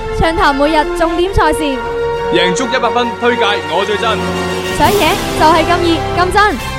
都暢談每日重點賽事，贏足一百分，推介我最真，想贏就係咁熱咁真。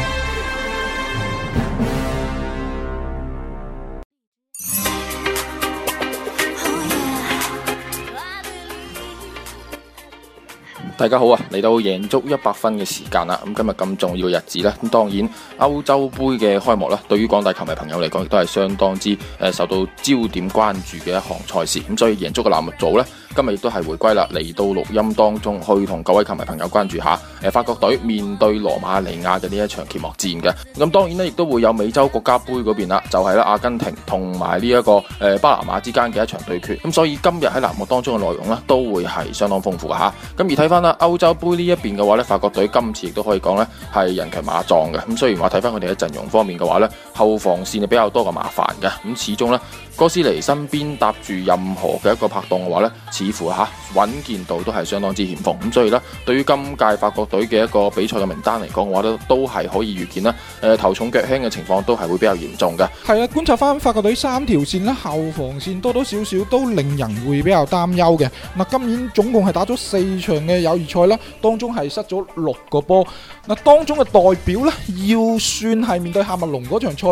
大家好啊！嚟到贏足 100FUN 嘅時間啦，咁今日咁重要嘅日子咧，咁當然歐洲杯嘅開幕啦，對於廣大球迷朋友嚟講，亦都係相當之誒受到焦點關注嘅一項賽事。咁所以贏足嘅欄目組呢，今日亦都係回歸啦，嚟到錄音當中去同各位球迷朋友關注一下誒法國隊面對羅馬尼亞嘅呢一場揭幕戰嘅。咁當然呢，亦都會有美洲國家杯嗰邊啦，就係啦阿根廷同埋呢一個誒巴拿馬之間嘅一場對決。咁所以今日喺欄目當中嘅內容呢，都會係相當豐富嘅咁而睇。歐洲杯呢一邊嘅話咧，法國隊今次亦都可以講咧，係人強馬壯嘅。咁雖然話睇翻佢哋嘅陣容方面嘅話咧。後防線係比較多嘅麻煩嘅，咁始終呢，哥斯尼身邊搭住任何嘅一個拍檔嘅話呢似乎吓穩健度都係相當之欠奉，咁所以呢，對於今屆法國隊嘅一個比賽嘅名單嚟講嘅話呢都係可以預見啦，誒頭重腳輕嘅情況都係會比較嚴重嘅。係啊，觀察翻法國隊三條線呢後防線多多少少都令人會比較擔憂嘅。嗱，今年總共係打咗四場嘅友誼賽啦，當中係失咗六個波，嗱當中嘅代表呢，要算係面對喀麥隆嗰場賽。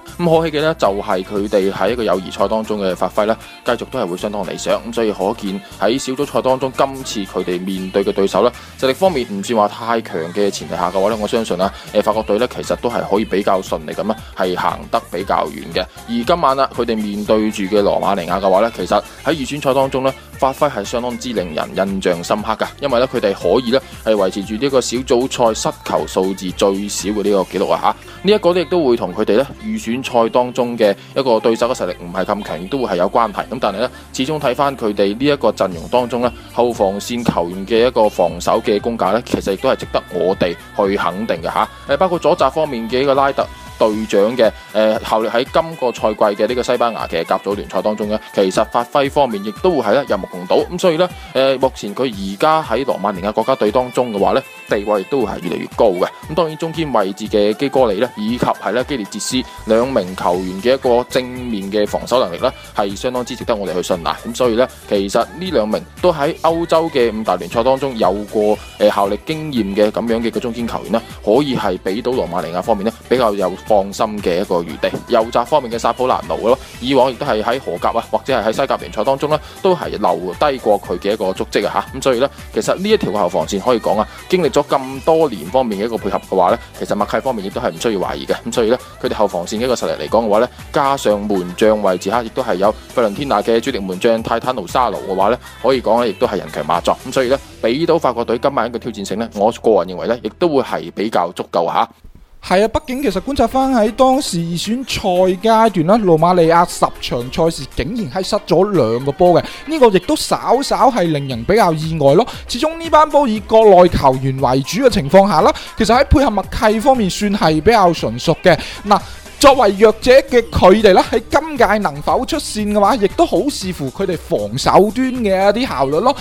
咁可喜嘅呢，就係佢哋喺一個友誼賽當中嘅發揮呢，繼續都係會相當理想。咁所以可見喺小組賽當中，今次佢哋面對嘅對手呢，實力方面唔算話太強嘅前提下嘅話呢，我相信啊，誒法國隊呢，其實都係可以比較順利咁啊，係行得比較遠嘅。而今晚啊，佢哋面對住嘅羅馬尼亞嘅話呢，其實喺預選賽當中呢，發揮係相當之令人印象深刻嘅，因為呢，佢哋可以呢，係維持住呢個小組賽失球數字最少嘅呢個紀錄啊吓。呢一個呢，亦都會同佢哋呢預選。賽當中嘅一個對手嘅實力唔係咁強，亦都會係有關係。咁但係咧，始終睇翻佢哋呢一個陣容當中咧，後防線球員嘅一個防守嘅功架咧，其實亦都係值得我哋去肯定嘅吓。誒，包括左閘方面嘅呢個拉特。隊長嘅誒效力喺今個賽季嘅呢個西班牙嘅甲組聯賽當中呢，其實發揮方面亦都會係咧有目共睹，咁所以呢，誒目前佢而家喺羅馬尼亞國家隊當中嘅話呢，地位亦都會係越嚟越高嘅，咁當然中堅位置嘅基哥利呢，以及係呢基列捷斯兩名球員嘅一個正面嘅防守能力呢，係相當之值得我哋去信賴，咁所以呢，其實呢兩名都喺歐洲嘅五大聯賽當中有過誒效力經驗嘅咁樣嘅中堅球員呢，可以係俾到羅馬尼亞方面呢比較有。放心嘅一個餘地，右閘方面嘅薩普蘭奴咯，以往亦都係喺荷甲啊，或者係喺西甲聯賽當中呢，都係留低過佢嘅一個足跡啊嚇，咁所以呢，其實呢一條後防線可以講啊，經歷咗咁多年方面嘅一個配合嘅話呢，其實默契方面亦都係唔需要懷疑嘅，咁所以呢，佢哋後防線嘅一個實力嚟講嘅話呢，加上門將位置嚇，亦、啊、都係有佛倫天奴嘅主力門將泰坦奴沙奴嘅話呢，可以講呢亦都係人強馬壯，咁、啊、所以呢，俾到法國隊今晚一個挑戰性呢，我個人認為呢，亦都會係比較足夠嚇。啊。係啊，畢竟其實觀察翻喺當時選賽階段啦，羅馬尼亞十場賽事竟然係失咗兩個波嘅，呢、這個亦都稍稍係令人比較意外咯。始終呢班波以國內球員為主嘅情況下啦，其實喺配合默契方面算係比較純熟嘅。嗱、啊，作為弱者嘅佢哋啦，喺今屆能否出線嘅話，亦都好視乎佢哋防守端嘅一啲效率咯。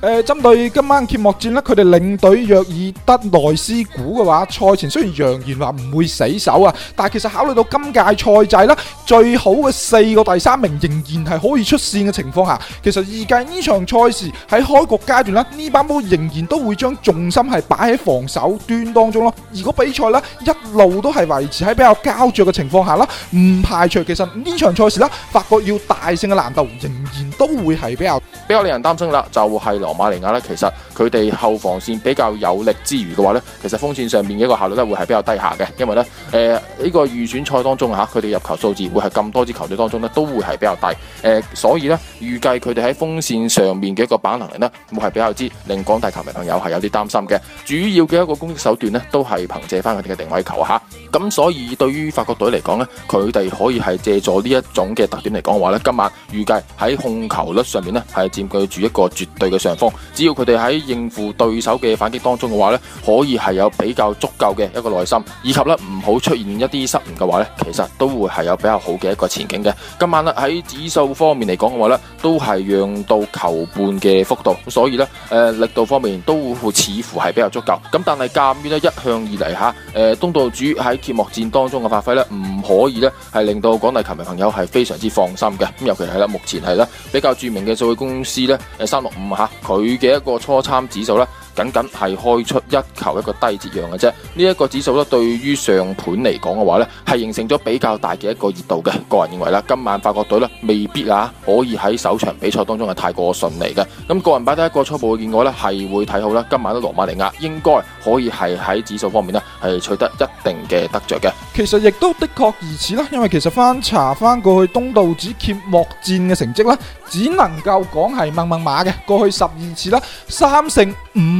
誒，針對今晚揭幕戰咧，佢哋領隊約爾德內斯古嘅話，賽前雖然揚言話唔會死守啊，但係其實考慮到今屆賽制咧，最好嘅四個第三名仍然係可以出線嘅情況下，其實二屆呢場賽事喺開局階段咧，呢班波仍然都會將重心係擺喺防守端當中咯。如果比賽咧一路都係維持喺比較膠着嘅情況下啦，唔排除其實呢場賽事咧，法國要大勝嘅難度仍然都會係比較比較令人擔心啦，就係咯。羅馬尼亞咧，其實佢哋後防線比較有力之餘嘅話咧，其實鋒線上面嘅一個效率咧會係比較低下嘅，因為咧，誒呢個預選賽當中吓，佢哋入球數字會係咁多支球隊當中咧都會係比較低，誒、呃，所以咧預計佢哋喺鋒線上面嘅一個板能力呢，會係比較之令廣大球迷朋友係有啲擔心嘅。主要嘅一個攻擊手段呢，都係憑借翻佢哋嘅定位球吓，咁、啊、所以對於法國隊嚟講呢，佢哋可以係借助呢一種嘅特點嚟講話呢，今晚預計喺控球率上面呢，係佔據住一個絕對嘅上。只要佢哋喺應付對手嘅反擊當中嘅話呢，可以係有比較足夠嘅一個耐心，以及呢唔好出現一啲失誤嘅話呢，其實都會係有比較好嘅一個前景嘅。今晚咧喺指數方面嚟講嘅話呢都係讓到球半嘅幅度，所以呢誒、呃、力度方面都會似乎係比較足夠。咁但係鑒於呢一向以嚟吓，誒、呃、東道主喺揭幕戰當中嘅發揮呢，唔可以呢係令到廣大球迷朋友係非常之放心嘅。咁尤其係啦，目前係咧比較著名嘅數據公司呢，誒三六五吓。佢嘅一個初參指數啦。僅僅係開出一球一個低折讓嘅啫，呢一個指數咧，對於上盤嚟講嘅話呢係形成咗比較大嘅一個熱度嘅。個人認為啦，今晚法國隊呢未必啊可以喺首場比賽當中係太過順利嘅。咁個人擺低一個初步嘅見解呢，係會睇好啦今晚嘅羅馬尼亞應該可以係喺指數方面呢係取得一定嘅得着嘅。其實亦都的確如此啦，因為其實翻查翻過去東道主揭幕戰嘅成績啦，只能夠講係掹掹馬嘅。過去十二次啦，三勝五。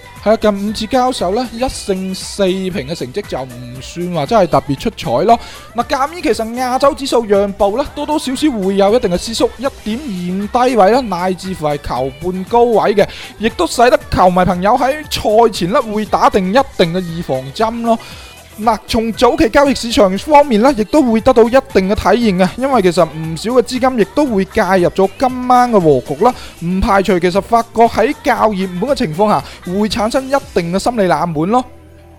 係啊，近五次交手咧，一勝四平嘅成績就唔算話真係特別出彩咯。嗱，鑒於其實亞洲指數讓步咧，多多少少會有一定嘅收縮，一點二五低位啦，乃至乎係球半高位嘅，亦都使得球迷朋友喺賽前咧會打定一定嘅預防針咯。嗱，從早期交易市場方面咧，亦都會得到一定嘅體驗嘅，因為其實唔少嘅資金亦都會介入咗今晚嘅和局啦，唔排除其實法國喺較熱門嘅情況下會產生一定嘅心理冷門咯，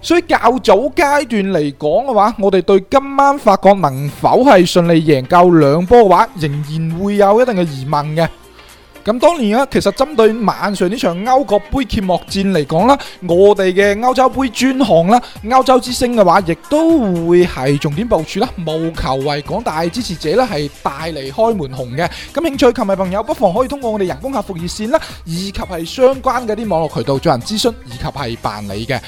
所以較早階段嚟講嘅話，我哋對今晚法國能否係順利贏夠兩波嘅話，仍然會有一定嘅疑問嘅。咁當然啦，其實針對晚上呢場歐國杯揭幕戰嚟講啦，我哋嘅歐洲杯專項啦，歐洲之星嘅話，亦都會係重點部署啦，務求為廣大支持者呢係帶嚟開門紅嘅。咁興趣球迷朋友不妨可以通過我哋人工客服熱線啦，以及係相關嘅啲網絡渠道進行諮詢，以及係辦理嘅。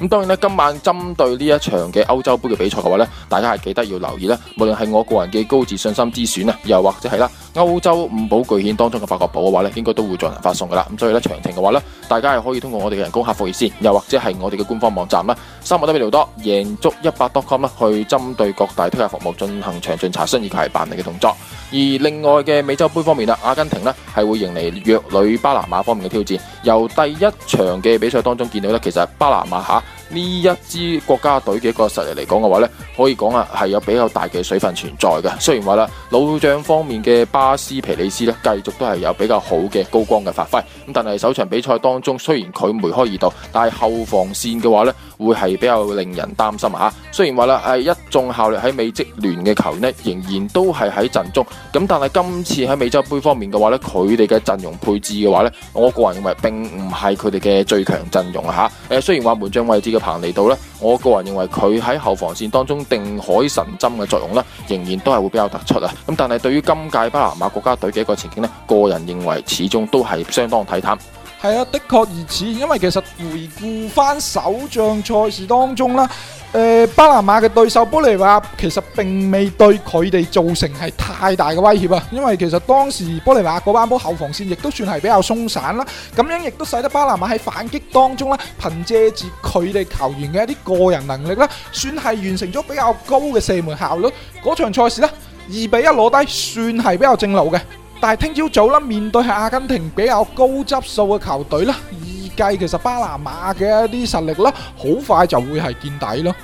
咁當然咧，今晚針對呢一場嘅歐洲杯嘅比賽嘅話咧，大家係記得要留意啦。無論係我個人嘅高自信心之選啊，又或者係啦，歐洲五寶巨險當中嘅法國寶嘅話咧，應該都會進行發送噶啦。咁所以咧，詳情嘅話咧，大家係可以通過我哋嘅人工客服熱線，又或者係我哋嘅官方網站啦，三個多比聊多贏足一百 .com 去針對各大推介服務進行詳盡查詢以及係辦理嘅動作。而另外嘅美洲杯方面啦，阿根廷呢係會迎嚟弱旅巴拿馬方面嘅挑戰。由第一場嘅比賽當中見到呢，其實巴拿馬吓呢一支國家隊嘅一個實力嚟講嘅話呢，可以講啊係有比較大嘅水分存在嘅。雖然話啦，老將方面嘅巴斯皮里斯咧，繼續都係有比較好嘅高光嘅發揮，咁但係首場比賽當中，雖然佢梅開二度，但係後防線嘅話呢會係比較令人擔心啊！雖然話啦，係一眾效力喺美職聯嘅球員呢，仍然都係喺陣中。咁但係今次喺美洲杯方面嘅話呢，佢哋嘅陣容配置嘅話呢，我個人認為並唔係佢哋嘅最強陣容啊！吓，誒雖然話門將位置嘅彭尼度呢，我個人認為佢喺後防線當中定海神針嘅作用呢，仍然都係會比較突出啊！咁但係對於今屆巴拿馬國家隊嘅一個前景呢，個人認為始終都係相當睇淡。係啊，的確如此。因為其實回顧翻首仗賽事當中啦，呃，巴拿馬嘅對手波利瓦其實並未對佢哋造成係太大嘅威脅啊。因為其實當時波利瓦嗰班波後防線亦都算係比較鬆散啦，咁樣亦都使得巴拿馬喺反擊當中啦，憑借住佢哋球員嘅一啲個人能力啦，算係完成咗比較高嘅射門效率。嗰場賽事呢，二比一攞低，算係比較正路嘅。但係聽朝早啦，面對係阿根廷比較高質素嘅球隊啦，預計其實巴拿馬嘅一啲實力啦，好快就會係見底咯。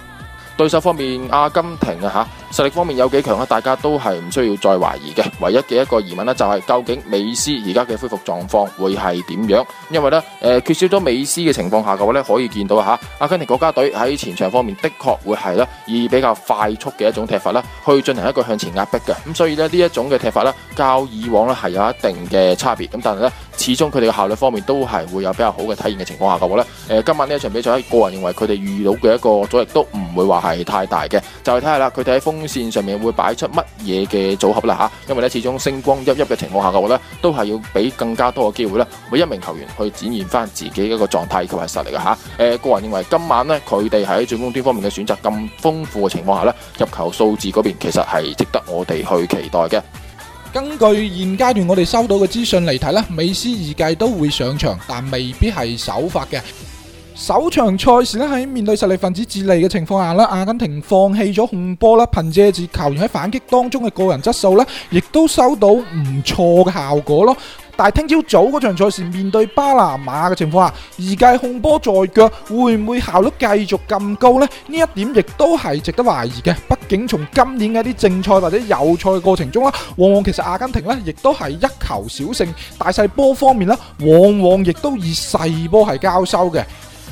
對手方面，阿根廷啊吓，實力方面有幾強啊？大家都係唔需要再懷疑嘅。唯一嘅一個疑問呢、就係，就係究竟美斯而家嘅恢復狀況會係點樣？因為呢，誒、呃、缺少咗美斯嘅情況下嘅話呢，可以見到吓，阿根廷國家隊喺前場方面，的確會係呢以比較快速嘅一種踢法呢去進行一個向前壓迫嘅。咁所以呢，呢一種嘅踢法呢，較以往呢係有一定嘅差別。咁但係呢，始終佢哋嘅效率方面都係會有比較好嘅體驗嘅情況下嘅話呢，誒、呃、今晚呢一場比賽，個人認為佢哋遇到嘅一個阻力都唔會話係太大嘅。就係睇下啦，佢哋喺風線上面會擺出乜嘢嘅組合啦吓，因為咧，始終星光熠熠嘅情況下嘅話咧，都係要俾更加多嘅機會咧，每一名球員去展現翻自己一個狀態同埋實力嘅吓。誒，個人認為今晚呢，佢哋喺進攻端方面嘅選擇咁豐富嘅情況下呢，入球數字嗰邊其實係值得我哋去期待嘅。根據現階段我哋收到嘅資訊嚟睇呢，美斯二屆都會上場，但未必係首發嘅。首場賽事咧，喺面對實力分子智利嘅情況下咧，阿根廷放棄咗控波啦，憑借住球員喺反擊當中嘅個人質素呢，亦都收到唔錯嘅效果咯。但係聽朝早嗰場賽事面對巴拿馬嘅情況下，而計控波在腳會唔會效率繼續咁高呢？呢一點亦都係值得懷疑嘅。畢竟從今年嘅啲正賽或者友賽過程中啦，往往其實阿根廷呢亦都係一球小勝，大細波方面呢往往亦都以細波係交收嘅。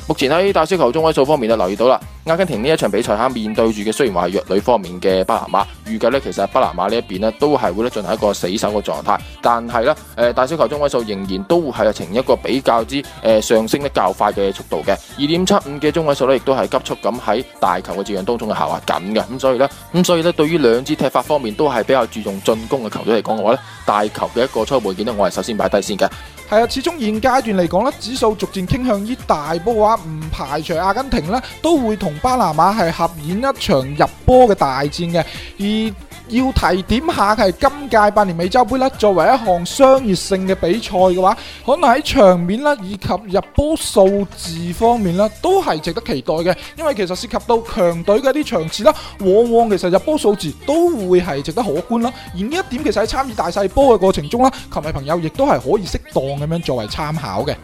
目前喺大小球中位數方面就留意到啦，阿根廷呢一場比賽嚇面對住嘅雖然話係弱旅方面嘅巴拿馬，預計咧其實巴拿馬呢一邊咧都係會咧進行一個死守嘅狀態，但係咧誒大小球中位數仍然都係呈一個比較之誒、呃、上升得較快嘅速度嘅，二點七五嘅中位數咧亦都係急速咁喺大球嘅戰況當中的下滑緊嘅，咁所以咧咁所以咧對於兩支踢法方面都係比較注重進攻嘅球隊嚟講嘅話咧，大球嘅一個初步意見咧，我係首先擺低先嘅。係啊，始終現階段嚟講咧，指數逐漸傾向於大波嘅話，唔排除阿根廷咧都會同巴拿馬係合演一場入波嘅大戰嘅。而要提點下係今屆百年美洲杯啦，作為一項商業性嘅比賽嘅話，可能喺場面啦以及入波數字方面啦，都係值得期待嘅。因為其實涉及到強隊嘅一啲場次啦，往往其實入波數字都會係值得可觀啦。而呢一點其實喺參與大細波嘅過程中啦，球迷朋友亦都係可以適當咁樣作為參考嘅。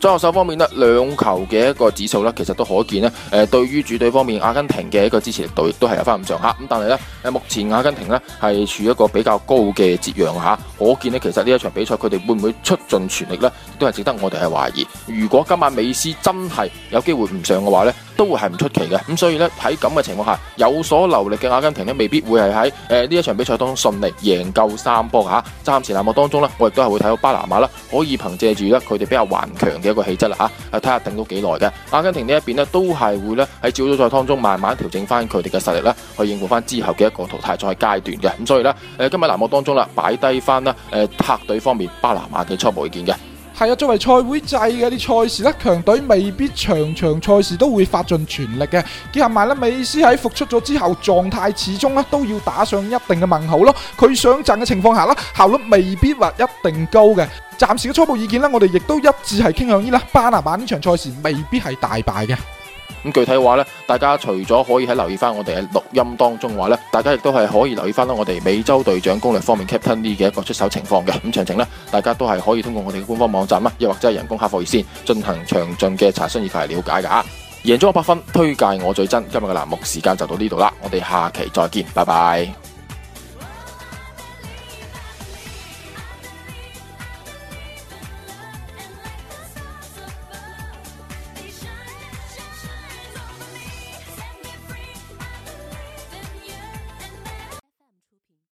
左手方面呢，兩球嘅一個指數呢，其實都可見呢。誒，對於主隊方面，阿根廷嘅一個支持力度也，亦都係有返咁上下。咁但係呢，目前阿根廷呢，係處於一個比較高嘅節揚下，可見呢，其實呢一場比賽佢哋會唔會出盡全力呢？都係值得我哋去懷疑。如果今晚美斯真係有機會唔上嘅話呢。都會係唔出奇嘅，咁所以呢，喺咁嘅情況下，有所留力嘅阿根廷咧未必會係喺誒呢一場比賽當中順利贏夠三波嚇。暫、啊、時籃目當中呢，我亦都係會睇到巴拿馬啦，可以憑借住咧佢哋比較頑強嘅一個氣質啦嚇，睇下頂到幾耐嘅。阿根廷這邊呢一邊咧都係會咧喺早早賽當中慢慢調整翻佢哋嘅實力咧，去應付翻之後嘅一個淘汰賽階段嘅。咁所以呢，誒、呃、今日籃目當中啦，擺低翻啦誒客隊方面巴拿馬嘅初步意見嘅。係啊，作為賽會制嘅啲賽事咧，強隊未必長場場賽事都會發盡全力嘅。結合埋咧，美斯喺復出咗之後，狀態始終咧都要打上一定嘅問號咯。佢想陣嘅情況下啦，效率未必話一定高嘅。暫時嘅初步意見啦，我哋亦都一致係傾向於啦，巴拿馬呢場賽事未必係大敗嘅。咁具體話咧，大家除咗可以喺留意翻我哋嘅錄音當中話咧，大家亦都係可以留意翻我哋美洲隊長攻略方面 Captain Lee 嘅一個出手情況嘅。咁詳情咧，大家都係可以通過我哋嘅官方網站啦，又或者係人工客服熱線進行詳盡嘅查詢以及了解嘅啊。贏咗一百分，推介我最真。今日嘅欄目時間就到呢度啦，我哋下期再見，拜拜。